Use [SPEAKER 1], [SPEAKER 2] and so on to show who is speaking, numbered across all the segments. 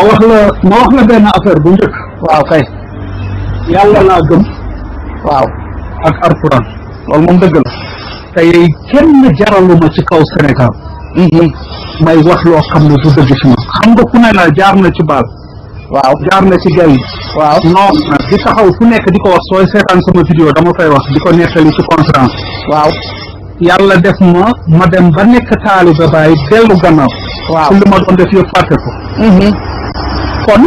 [SPEAKER 1] ma wax ma wax la benn affaire bu njëkk waaw kay yàlla laa gëm waaw ak alquran loolu moom dëgg la tey kenn jaraluma ci kaw Sénégal mm-hmm. may wax loo xam ne du dëgg ci ma xam ku ne la jaar na ci baal waaw jaar na ci gay waaw non di taxaw fu nekk di ko wax sooy seetaan sama vidéo dama koy wax di ko nettali ci conférence waaw yàlla def ma ma dem ba nekk taalibe baay dellu gannaaw waaw li ma doon def yëpp fàtte ko mm-hmm. kon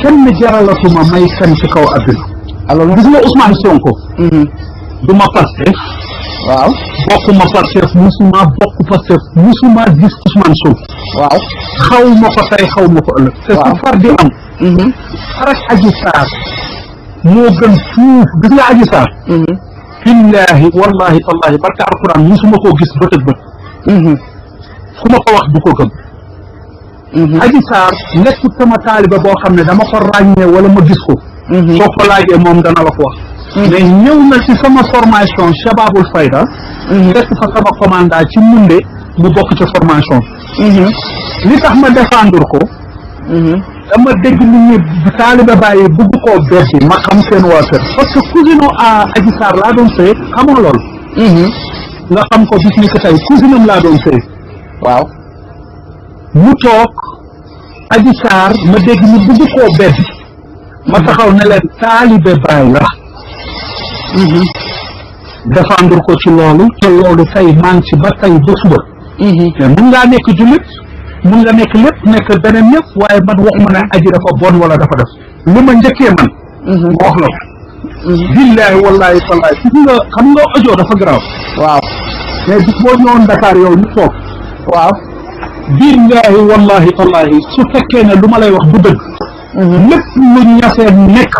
[SPEAKER 1] kenn jaralatuma may fen ci kaw adduna alors gis nga Ousmane Sonko mhm. ma Pastef waaw bokkuma Pastef musuma bokk Pastef musuma gis Ousmane Sonko waaw xaw ko tey xaw ma ko ëllëg te su far di am mhm. xarak Adji Sarr moo gën fuuf gis mhm. wallahi tallahi barka alquran musuma koo gis bët ak ku ma ko wax ko gëm Mm-hmm. Adji Sarr nekkut sama taaliba boo xam ne dama ko ràññee wala ma gis ko mm-hmm. soo ko laajee moom dana la ko wax mm-hmm. mais ñëw na ci sama formation Shababul Fayda fekk fa sama commanda ci munde mu bokk ci formation li tax ma défendre ko dama dégg nit ñi taaliba bàyyi bugg koo ma xam seen waa kër parce que cousine a Adji Sarr laa doon sëy xamoo ko bis ni ko tey doon sëy waaw mu toog aji saar ma dégg ñu bugg koo bedd ma taxaw ne leen taalibe baay la mm-hmm. défendre ko ci loolu te loolu tey maa ba tey ba suba te mm-hmm. mun ngaa nekk jullit mun nga nekk lépp nekk beneen yëpp waaye man waxuma ne aji dafa bon wala dafa def lu ma njëkkee man mm-hmm. ma wax la ko billahi wallahi tallahi su nga xam nga audio dafa garaaw waaw mais bis boo ñëwoon Dakar yow ñu toog waaw billaahi wallahi tallaahi su fekkee ne lu ma lay wax bu dëgg mhm. lépp lu nekk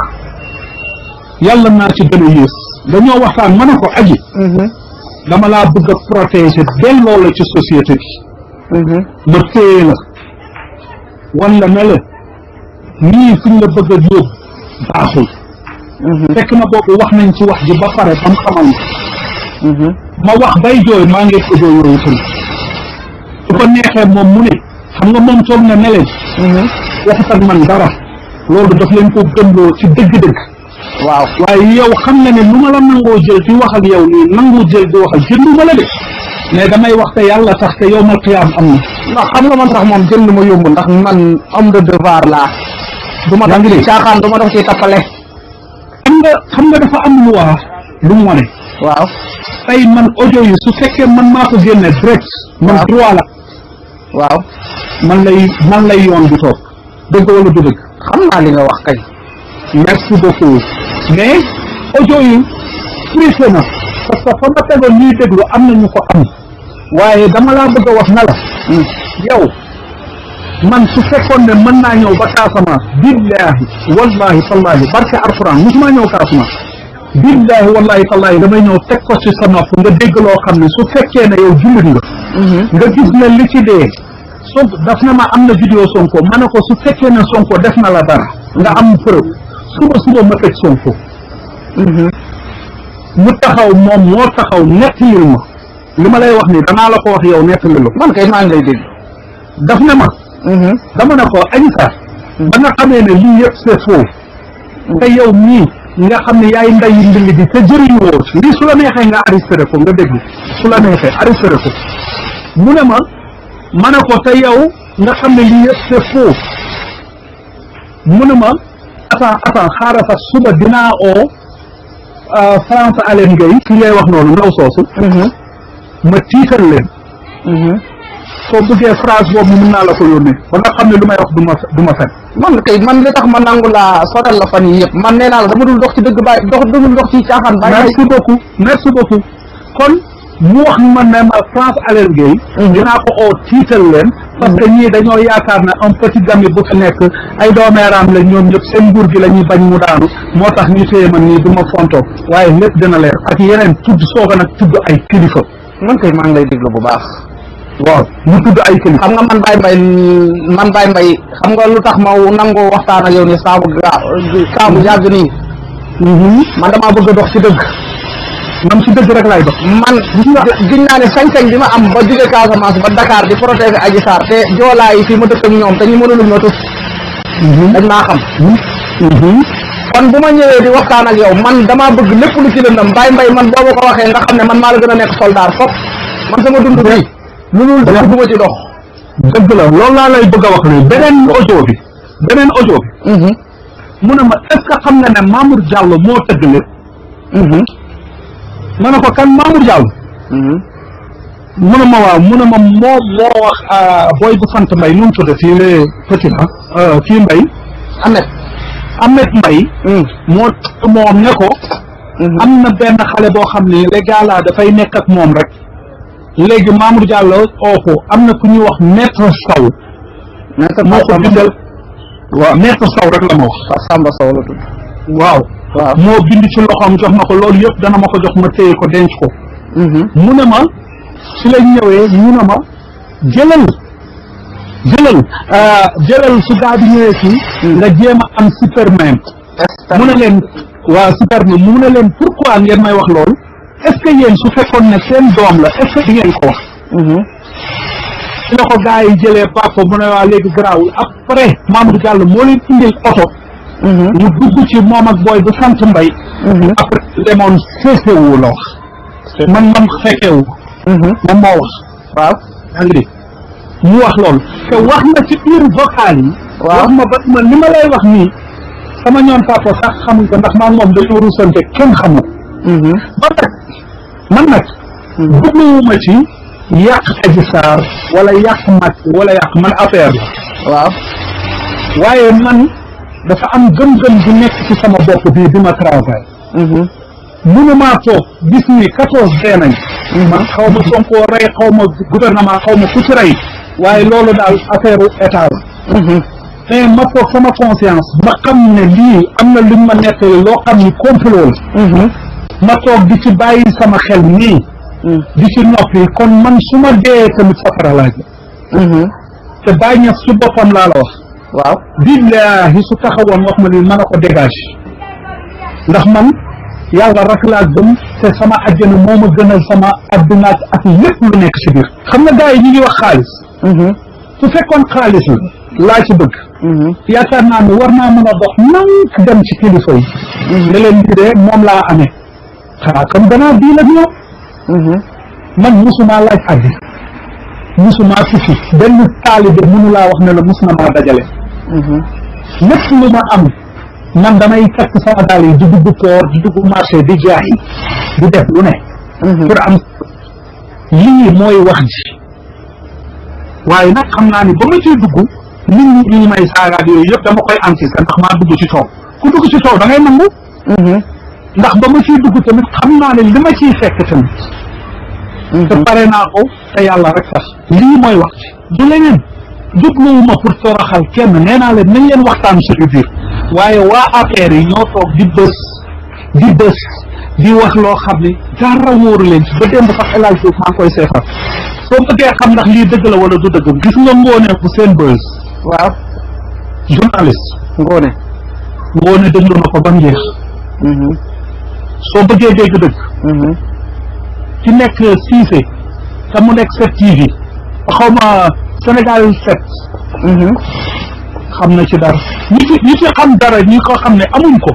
[SPEAKER 1] yàlla naa ci gën a yées dañoo waxtaan mën a ko aji mhm. dama laa bëgg a protéger delloo la ci société bi mhm. ma téye la wan la ne la nii fuñ la bëgg a baaxul fekk na boobu wax nañ ci wax ji ba pare bam xamal ma ma wax bay jooy maa ngi jooy yooyu tamit su ko neexee moom mu ne xam nga moom toog na ne leen mhm. waxut ak man dara loolu daf leen ko gëmloo ci dëgg-dëgg waaw waaye yow xam na ne lu ma la nangoo jël di wax ak yow nii nangu jël di wax ak jëndu ma la de mais damay wax te yàlla tax te yow mal xiyaam am na ndax xam nga man sax moom jënd ma yómb ndax man homme de devoir laa du ma def ci caaxaan du ma def ci tappale xam nga xam nga dafa am lu waa lu mu wane waaw tey man audio yi su fekkee man maa ko génne direct man droit la waaw man lay man lay yoon bu toog dëgg wala du dëgg xam naa li nga wax kay merci beaucoup mais audio yi triché na parce que fa ma tegoon ñuy déglu am na ko am waaye dama laa bëgg a wax na la hmm. man su fekkoon ne mën naa ñëw ba Casamance billahi wallahi tallahi barke alquran musuma ñëw Casamance billahi wallahi tallahi damay ñëw teg ko ci sa nopp nga dégg loo xam ne su fekkee ne yow jullit nga Mhm. nga gis ne li ci dee Sonko daf na ma am na vidéo Sonko ma ne ko su fekkee ne Sonko def na la dara nga am preuve suba suba ma tëj Sonko mhm. mu taxaw moom moo taxaw nettalil ma li ma lay wax nii danaa la ko wax yow nettalil man kay maa ngi lay dégg daf na ma mhm. dama ne ko Adji Sarr ba xamee ne lii yëpp c'est faux te yow mii nga xam ne yaay nday yi mbilli bi te jëriñu woo lii su la neexee nga arrêté ko nga déglu su la neexee arrêté ko mu ne ma ma ne ko te yow nga xam ne li yëpp c'est faux mu ne ma attends attends xaaral sax suba dinaa oo euh, France Alain Gueye ki ngay wax noonu ndaw soosu mhm. ma tiital leen mhm. soo bëggee phrase boobu mun naa la ko yónnee ba nga xam ne lu may wax du ma du ma fen man kay man li tax ma nangu laa soral la fan yi yëpp man nee naa la dama dul dox ci dëgg bàyyi dox dul dox ci caaxaan bàyyi merci beaucoup merci beaucoup kon mu wax ma ne ma France Alain Gueye mm-hmm. dinaa ko oo tiital leen parce que ñii dañoo yaakaar ne un petit gami bu fi nekk ay doomeeraam lañ ñoom ñëpp seen nguur gi la ñuy bañ mu daanu moo tax ñu téye man nii du ma fontoo waaye lépp dina leer ak yeneen tudd sooga nag tudd ay kilifa man kay maa ngi lay déglu bu baax waaw mu tudd ay kilifa xam nga man Baye Mbaye man Baye mbay xam nga lu tax ma nangoo waxtaan ak yow nii saabu gaa saabu yàgg nii mm-hmm. man damaa bëgg dox ci dëgg man si dëgg rek laay dox. man gis naa ne sañ bi ma am ba jóge Casamance ba Dakar di protéger Adji Sarr te joolaa yi fii ma dëkk ak ñoom te ñu mënulul ma tus. Mhm. dañ maa xam. Mhm. kon bu ma ñëwee di waxtaan ak yow man damaa bëgg lépp lu ci lëndam mbay mbay man boo ma ko waxee nga xam ne man maa la gën a nekk soldaar fop man sama dund bi. lu dul dëgg bu ma ci dox. dëgg la loolu laa lay bëgg a wax léegi beneen audio bi beneen audio bi. Mhm. mu ne ma est-ce que xam nga ne Mamour Diallo moo tëgg lépp. ma ne ko kan Mamour Diallo. Mhm. mu ne ma waaw ma moo moo wax ah, booy bu sant mbay nu mu tudd fii mbay Amet Amet Mbay moo moom ne ko mhm. am na benn xale boo xam ne les gars dafay nekk ak moom rek léegi Mamour Diallo oo ko am na ku ñuy wax maître Sow moo ko bindal rek la ma wax Samba Sow la tudd waaw waaw moo bind ci loxoom jox ma ko loolu yëpp dana ma ko jox ma téye ko denc ko. Mm-hmm. mu ne ma si lañ ñëwee ñu ne ma jëlal jëlal euh, jëlal su gaa bi ñëwee fii. Mm-hmm. nga jéem a am superman. mu ne leen waaw superman mu ne leen pourquoi ngeen may wax loolu est-ce que yéen su fekkoon ne seen doom la est-ce que di ngeen ko wax. Mm-hmm. si ko gaa yi jëlee papa mu ne waa léegi garaawul après Mamadou Diallo moo leen indil oto. ñu mm-hmm. dugg ci moom ak booy bu sant mbay mm-hmm. après demoon séesewu la wax man man fekkewu mm-hmm. moom moo wax waaw yaa ngi dégg mu wax loolu te wax na ci biir vocal yi wax ma ba ma li ma lay wax nii sama ñoom papa sax xamuñ ko ndax maa moom dañoo rusante kenn xamu ba nag man nag dugluwuma ci yàq Adji Sarr wala yàq Macky wala yàq man affaire la waaw waaye man dafa am gëm-gëm bu nekk ci sama bopp bi ma travail mhm. mënumaa toog gis ni quatorze dee nañ mhm. xaw ma sonkoo rey xaw ma gouvernement xaw ma ku ci rey daal affaire état la mhm. ma toog sama conscience ma xam lii am na luñ ma nekk loo xam ni complot ma toog di ci bàyyi sama xel nii di ci noppi kon man su ma dee tamit safara laaj te bàyyi ñëf su boppam laa waaw billaahi su taxawoon wax ma ni mën a ko dégage ndax man yàlla rek laa gëm te sama àjjana moo ma gënal sama àdduna ak lépp lu nekk si biir xam nga gars yi ñu ngi wax xaalis mhm. su xaalis la laa ci mhm. yaakaar naa war naa mën a dox dem ci kilifa yi mhm. ne leen di dee moom laa amee xanaa comme danaa diil ak ñoom man musumaa laaj àddina musumaa sufi benn taalibe mënu laa wax ne la mus na dajale Mhm. lépp lu ma am dama damay takk sama daal yi di dugg koor di dugg marché di jaay di def lu ne mhm. pour am lii mooy wax ji waaye nag xam naa ni ba ma ciy dugg nit ñi ñuy may saagaat yooyu yëpp dama koy anticipé ndax maa dugg ci coow ku dugg ci coow da ngay nangu mhm. ndax ba ma ciy dugg tamit xam naa ne li ma ciy fekk tamit te pare naa ko te yàlla rek sax lii mooy wax ji du leneen jubluwuma pour toroxal kenn nee naa leen nañ leen waxtaan suñu biir waaye waa affaire yi ñoo toog di bës di bës di wax loo xam ni dara wóoru leen ci ba démb sax El Hadj Diouf maa koy seetal soo bëggee xam ndax lii dëgg la wala du dëgg gis nga ngoone bu seen bës waaw journaliste ngoone ngoone déglu na ko ba njeex mm-hmm. soo bëggee dégg dëgg ci mm-hmm. nekk Cissé te mu nekk 7TV xaw ma Sénégal set mhm. xam na ci dara ñi ci xam dara ñi ko xam ne amuñ ko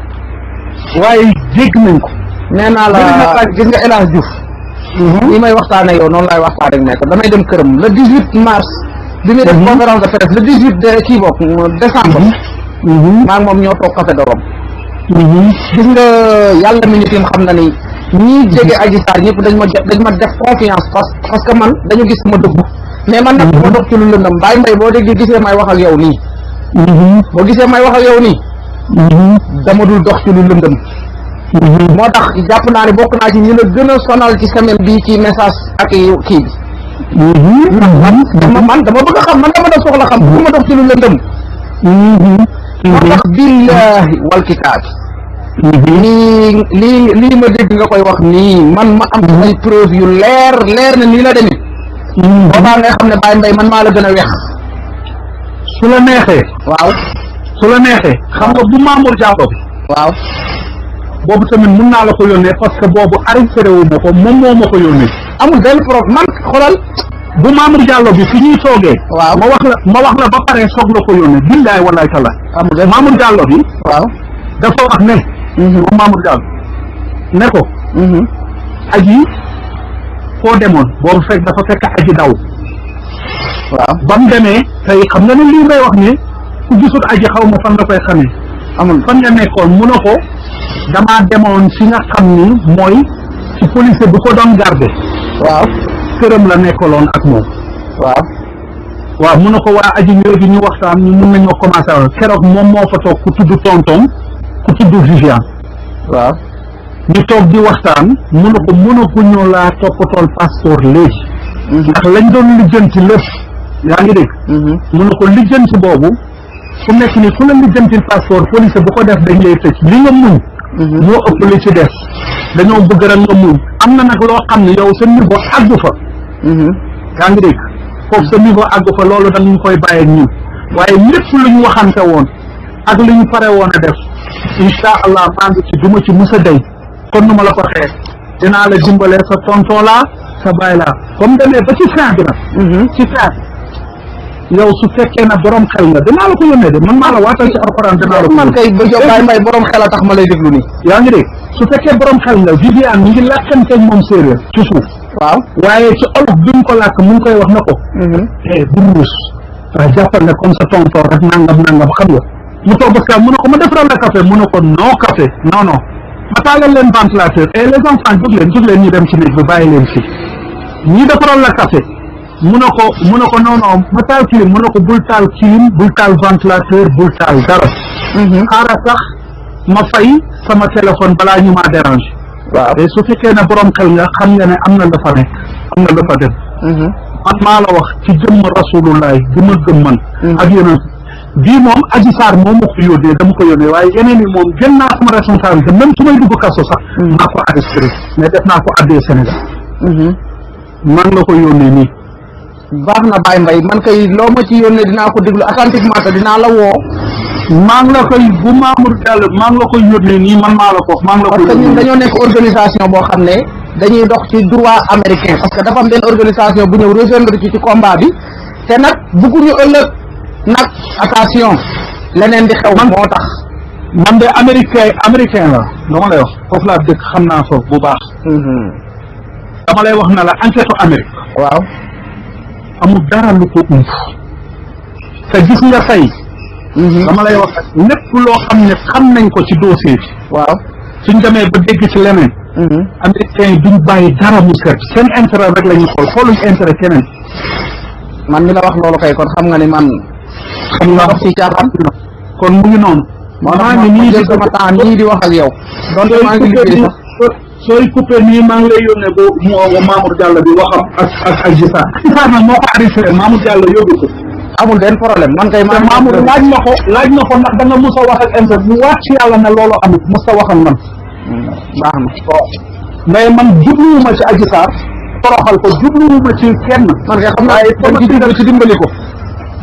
[SPEAKER 1] waaye dégg nañ ko naa la gis nga El Hadj Diouf mhm. may waxtaan e yow noonu laay waxtaan ak nekk damay dem këram le dix huit mars di muy def mhm. conférence de presse le dix huit de kii bokk moom ñoo toog café de Rome gis nga yàlla mi ñu xam na ni ñii jege Adji Sarr ñëpp dañ ma dañ ma def confiance parce parce que man dañu gis sama mais man nag dama dox ci lu lëndam Baye Mbaye boo déggee gisee may wax ak yow nii mm-hmm. boo gisee may wax ak yow nii mm-hmm. dama dul dox ci lu lëndam mm-hmm. moo tax jàpp naa ne bokk naa ci ñi la gën a sonal ci semaine bii ci message ak kii bi ndax man dama bëgg a xam man dama def soxla xam bu ma dox ci lu lëndam moo tax billaahi wal lii lii ma dégg nga koy wax nii man ma am ay preuve yu leer leer nii la demee boobaa nga xam ne Baye Mbaye man maa la gën a weex su la neexee waaw su la neexee xam nga bu Mamour Diallo bi waaw boobu tamit mun naa la ko yónnee parce que boobu arrêté wu ma ko moom moo ma amul benn problème man xoolal bu Mamour Diallo bi fi ñuy toogee waaw ma wax la ma wax la ba pare soog la ko yónnee billaay wallaay tala Mamour Diallo bi waaw dafa wax ne moom Mamour Diallo ne ko mhm. aji foo demoon boobu fekk dafa fekk aji daw waaw ba mu demee tey xam nga ne lii ngay wax ne ku gisul aji xaw ma fan la koy xamee amul fan nga nekkoon mu a ko damaa demoon si nga xam ni mooy ci policier bu ko doon garde waaw këram la nekkaloon ak moom waaw waaw mu na ko waa aji léegi ñu waxtaan ñu mun nañoo commencé keroog moom moo fa toog ku tudd tonton ku tudd Viviane waaw ñu toog di waxtaan mënu ko mënu ko ñoo laa toppatool passeport léegi mhm. ndax lañ doon lijjanti lépp yaa ngi dégg mënu mhm. ko lijjanti boobu fu nekk ni ku la lijjanti passeport police bu ko def dañ lay tëj li nga muñ mhm. moo ëpp li ci des dañoo bëgg rek nga muñ am na nag loo xam ne yow sa niveau àggu fa yaa ngi dégg foofu sa niveau àggu fa loolu dañ ñu koy bàyyi ak ñun waaye lépp lu ñu waxante woon ak lu ñu pare woon a def incha allah maa ngi ci duma ci musa day kon nu ma la ko xee dinaa la dimbale sa tonton laa sa baay laa ba mu ba ci fin bi mhm. ci fin yow su fekkee na borom xel nga dinaa la ko yónnee de man maa la waatal ci alxuraan dinaa la ko man kay tax ma lay déglu nii yaa ngi dégg su fekkee borom xel a Viviane la ngi làkkanteeg moom séeréer ci suuf waaye ci olof bi ko làkk mu ngi koy wax na ko mhm. e eh, burus waaye jàppal ne comme sa xam nga mu toog ba mu ne ko ma defaral la café mu ne ko non café non non ma taalal leen ventilateur et les enfants jóg leen jóg leen ñu dem ci néeg bi bàyyi leen fi ñi defaral la café mu na ko mu ne ko non non ma taal clim mu na ko bul taal clim bul taal ventilateur bul taal dara mhm. xaaral sax ma fay sama téléphone balaa ñu maa dérange waaw te su fekkee ne borom xel nga xam nga ne am na la fa nekk am na la fa dem mhm. man maa la wax ci jëmm rasulullahi bi ma gëm man mhm. ak yeneen bii moom Adji Sarr moom moo ko yónnee dama ko yónnee waaye yeneen yi moom jël naa sama responsabilité même su may dugg kaso sax. Mm-hmm. naa ko arrêté mais def ko addee Sénégal. Mm-hmm. man la ko yónnee nii. baax na Baye Mbaye man kay loo ma ci yónnee dinaa ko déglu attentivement te dinaa la woo. maan ngi la koy bu Mamour Diallo maan ngi la koy yónnee nii man maa la ko maa ngi la koy parce que ñun dañoo nekk organisation boo xam ne dañuy dox ci droit américain parce que dafa am benn organisation bu ñëw rejoindre ci ci combat nag attention leneen di xew moo tax man de américain americain la dama lay wax foofu laa dëkk xam naa foofu bu baax mm-hmm. dama lay wax na la enquête Amérique waaw amul dara lu ko gis nga fay mm-hmm. dama lay wax lépp loo xam ne xam nañ ko ci dossier bi waaw suñ demee ba dégg ci leneen mm-hmm. américain yi duñ bàyyi dara mu seet seen intérêt rek la ñuy xool xooluñ keneen man mi la wax loolu kay kon xam nga ni man xam nga wax si caaxaan kon mu ngi noonu maa ngi nii di sama temps nii di wax ak yow donte maa ngi liggéey sax sooy coupé nii maa ngi lay yónnee ba mu woo Mamour Diallo bi waxam ak ak ak Gisaar Gisaar nag moo ko enregistré Mamour Diallo yóbbu ko amul benn problème man kay maa Mamour laaj na ko laaj na ko ndax da nga mos a wax ak MPF mu waat ci yàlla ne looloo amut mos a wax ak man hmm, baax na mais man jubluwuma ci Adji Sarr toroxal ko jubluwuma ci kenn man kay xam naa ci dimbali ko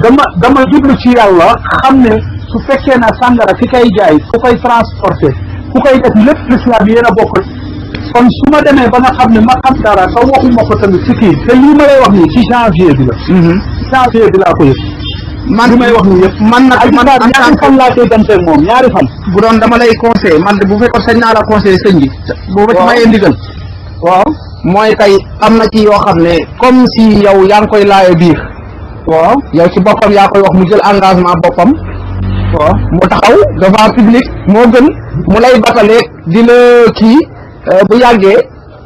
[SPEAKER 1] dama dama jublu ci yàlla xam ne su fekkee na sàngara ki kay jaay ku koy transporté ku koy def lépp l'islam yéen a bokk kon su ma demee ba nga xam ne ma xam dara te waxuma ko tamit ci kii te lii ma lay wax nii ci janvier bi la mhm. janvier bi laa ko yëpp man li may wax nii yëpp man nag man ñaari fan laa koy dante moom ñaari fan bu doon dama lay conseil man bu fekkoon sañ naa la conseil sëñ bi boo ma ci mayee ndigal waaw mooy kay am na ci yoo xam ne comme si yow yaa ngi koy laayo biir waaw yow ci boppam yaa koy wax mu jël engagement boppam. waaw mu taxaw devant public moo gën mu lay batale di la kii euh, bu yàggee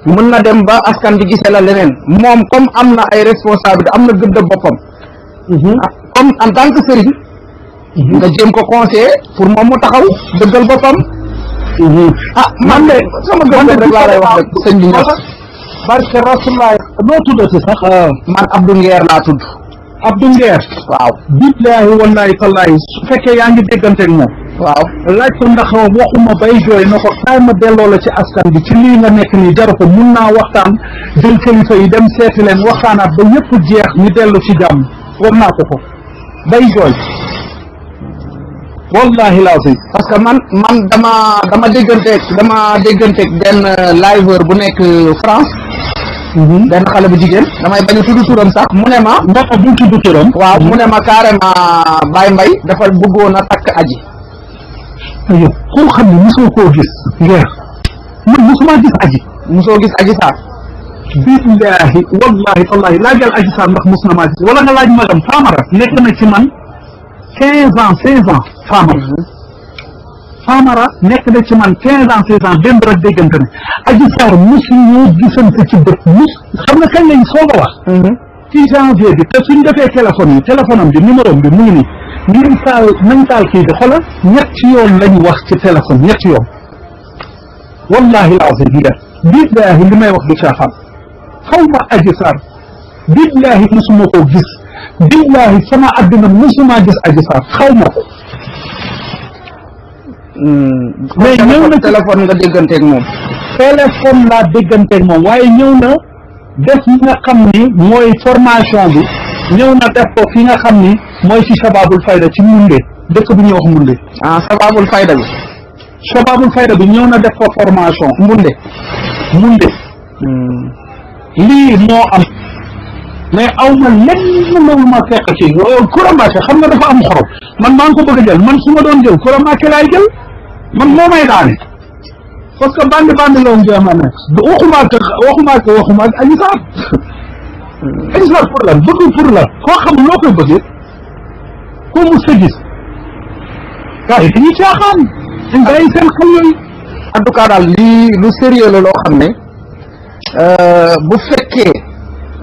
[SPEAKER 1] mën na dem ba askan bi gisee la leneen moom comme am na ay responsabilité am na gëdd boppam. Mhm. Ah, comme en tant que sëriñ. Mhm. nga ko conseiller pour moom mu taxaw dëggal boppam. Mhm. ah man de sama gëm rek laa lay wax rek sëñ bi ñëw. barke Rasulaay noo tuddati sax. Euh, man Abdou laa tudd. Abdou Nguer waaw billaahi wallaahi tallaahi su fekkee yaa ngi dégganteeg moom waaw laaj ko ndax waxuma bay jooy na ko kaay ma delloo la ci askan bi ci lii nga nekk nii jaru ko mun naa waxtaan jël kilifa yi dem seeti leen waxtaanaat ba yëpp jeex ñu dellu ci jàmm war naa ko ko jooy wallahi laazim parce que man man dama dama dégganteeg dama dégganteeg benn liveur bu nekk France Mhm. benn xale bu jigéen damay bañ a tudd turam sax mu ne ma mbokk bu tudd turam waaw mu ne ma carrément Baye Mbaye dafa bëggoon a takk aji yow koo xam ne mosoo koo gis ngeer man mosumaa gis aji mosoo gis aji saar billahi wallahi wallahi laajal aji saar ndax mos na maa gis wala nga laaj magam faamara nekk na ci man quinze ans seize ans faamara mhm. Famara nekk na ci man quinze ans seize ans benn rek déggante ne Adji Sarr mosu ñoo gisante ci bët mos xam nga kañ lañ a wax mhm. ci janvier bi te suñ defee téléphone yi téléphone am bi numéro bi mu ngi nii ngir taal nañ taal kii wax ci téléphone ñetti yoon wallahi alazim ngeen billaahi li may wax du caaxaan xaw ma Adji Sarr billaahi mosuma gis billaahi sama àddina mosuma gis Adji Sarr Hmm. mais ñëw na téléphone nga dégganteeg moom téléphone laa dégganteeg moom waaye ñëw na def yi nga xam ni mooy formation bi ñëw na def ko nga xam ni mooy ci sababul fayda ci munde dëkk bi ñuy wax munde ah sababul fayda bi sababul fayda bi ñëw na def ko formation munde munde hmm. lii moo am mais aw ma lenn loolu ma fekk xam nga dafa am xorom man maa ngi ko bëgg a jël man doon jël man moo may daane parce que bande bande la woon jéem a ne waxuma ak waxuma ak waxuma ak Adji Sarr bëgg pour mu sa gis gars caaxaan dañ bàyyi seen xel yooyu en tout cas daal lii lu sérieux la loo xam ne euh, bu fekkee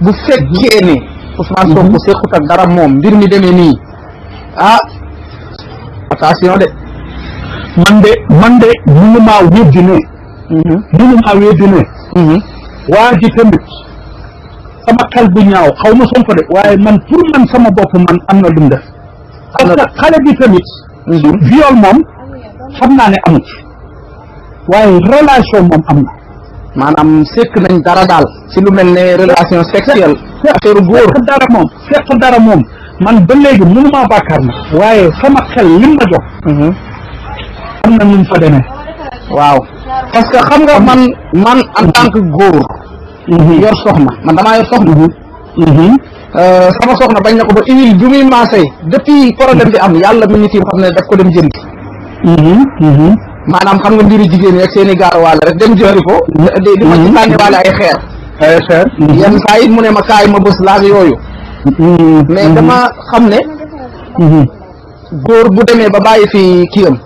[SPEAKER 1] bu fekkee ne Ousmane Sonko sequt ak dara moom mbir mi demee nii ah man de man de mënu maa weddi ne mhm. mënu maa weddi ne mhm. waa ji tamit sama xel bu ñaaw xaw ma Sonko de waaye man pour man sama bopp man am na lu mu def parce que xale bi tamit mhm. su viol moom xam naa ne amu ci waaye relation moom am na maanaam sekk nañ dara daal si lu mel ne relation sexuelle affaire góor dara moom sekk dara moom man ba léegi mënumaa bàkkaar na waaye sama xel lim ma jox xam na nu fa demee. waaw parce que xam nga man man en tant góor. Mhm. yor soxna man damaa yor soxna. Mhm. Mhm. Euh, sama soxna bañ na ko ba huile bi muy maase depuis problème bi am yàlla mi ñu tiim xam ne daf ko dem jëndi. maanaam xam nga mbiru jigéen yeeg seen i gaaruwaale rek dem jëndi ko. di ma ci tànniwaale ay xeer. ay xeer. yenn saa yi mu ne ma kaay ma bës laag yooyu. mais dama xam ne. góor bu demee ba bàyyi fi kii am.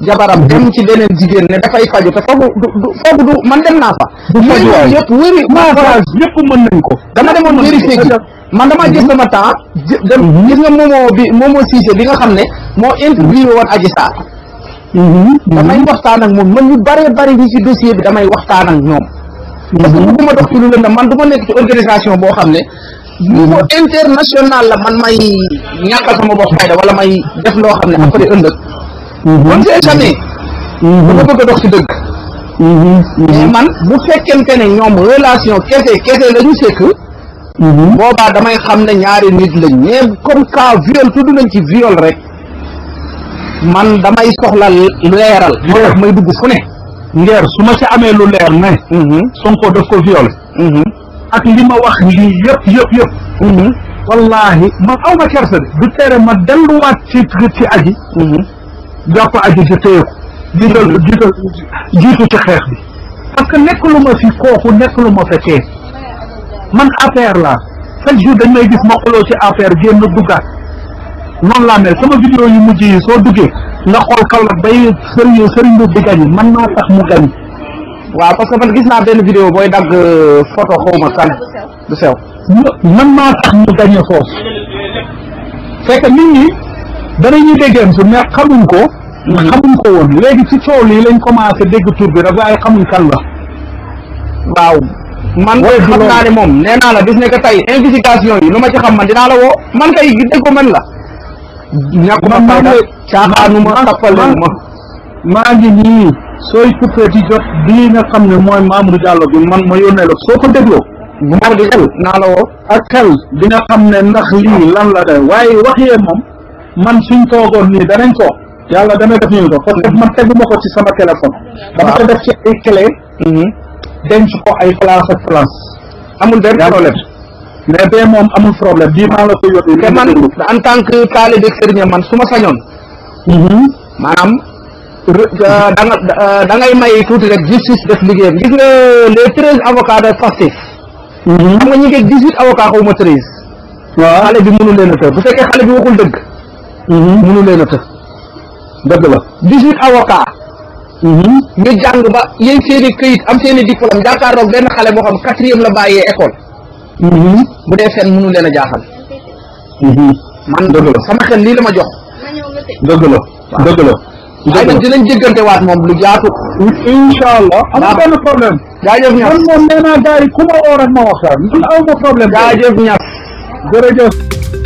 [SPEAKER 1] jabaram dem ci beneen jigéen ne dafay faju te foogu du foogu du man dem naa fa yooyu noonu yëpp wéri massage yëpp mën nañ ko dama demoon vérifier ki man dama jël sama temps dem mhm. gis nga moomoo bi moomoo Cissé bi nga xam ne moo interview woon Adji Sarr mhm. Mhm. damay waxtaan ak moom man ñu bare bari ñi ci dossier bi damay waxtaan ak ñoom parce que bëgguma dox ci lu lëndam man du ma nekk ci organisation boo xam ne niveau international la man may ñàkkal sama bopp fayda wala may def loo xam ne après ëllëg man ces années dafa a dox ci dëgg mhm. Mhm. mais man bu fekkente ne ñoom relation kese kese la ñu sekk mhm. boobaa damay xam ne ñaari nit lañ mais comme cas viol tudd nañ ci viol rek man damay soxla leeral may dugg fu ne ngeer su ma ci amee lu leer ne Sonko daf ko viol ak li ma wax lii yëpp yëpp wallahi man aw ma kersa de du tere ma delluwaat ci aji jàpp aji si téye ko jiital jiital jiitu ci xeex bi parce nekk lu ma fi kooku nekk lu ma fekkee man affaire la chaque jour dañ may gis ma xuloo ci affaire génn duggaat noonu laa mel sama vidéo yu mujj yi soo duggee nga xool Kaolack bay sëriñ sëriñ bi di man naa tax mu gañi waaw parce gis naa benn vidéo booy dagg euh, photo xawma kan du sew man naa tax mu gañe foofu fekk nit danañuy dégg Amzoul mais xamuñ ko. Mm-hmm. xamuñ ko woon léegi ci coow lii lañ commencé dégg tur bi rek waaye xamuñ kan la. waaw man kay xam naa moom nee la bis ne que tey investigation yi lu ma ci xam man dinaa la man kay dégg ko man la. ñàkkuma fayda caaxaanuma tappalewuma maa ngi nii sooy coupé ci jot bii nga xam ne mooy Mamadou Diallo bi man ma yónnee la soo ko dégloo. moo ma di xel naa la woo. ak xel di nga xam ne ndax lii lan la dee waaye waxee moom. man suñ toogoon nii danañ ko yàlla dana def ñu ko parce man teguma ko ci sama téléphone dama ko def ci ay clé mhm. denc ko ay place ak place amul benn problème mais bee moom amul problème bii maa la ko yóbbu te man en tant que taalibe sëriñ man su ma sañoon mhm. maanaam euh, euh, da ngay may tuuti rek justice def liggéeyam gis nga les treize avocats de Pastef mhm. xam nga ñu ngi dix huit avocats xaw ma waaw xale bi mënul leen a tër bu fekkee xale bi waxul dëgg mënu mm-hmm. leen a tëj. dëgg la dix-huit avocat mm-hmm. ñu jàng ba yéen seen i am seen i diplôme jàkkaarloog benn xale boo xam quatrième la bàyyee école. Mm-hmm. bu dee fen mënu leen a jaaxal. man dëgg la sama xel lii la ma jox. dëgg la dëgg la. waaye nag dinañ déggante waat moom lu jaatu. incha allah amul benn problème. jaajëf ñaar man moom nee naa gars yi ku ma oo ma wax. man aw ma problème. jaajëf ñaar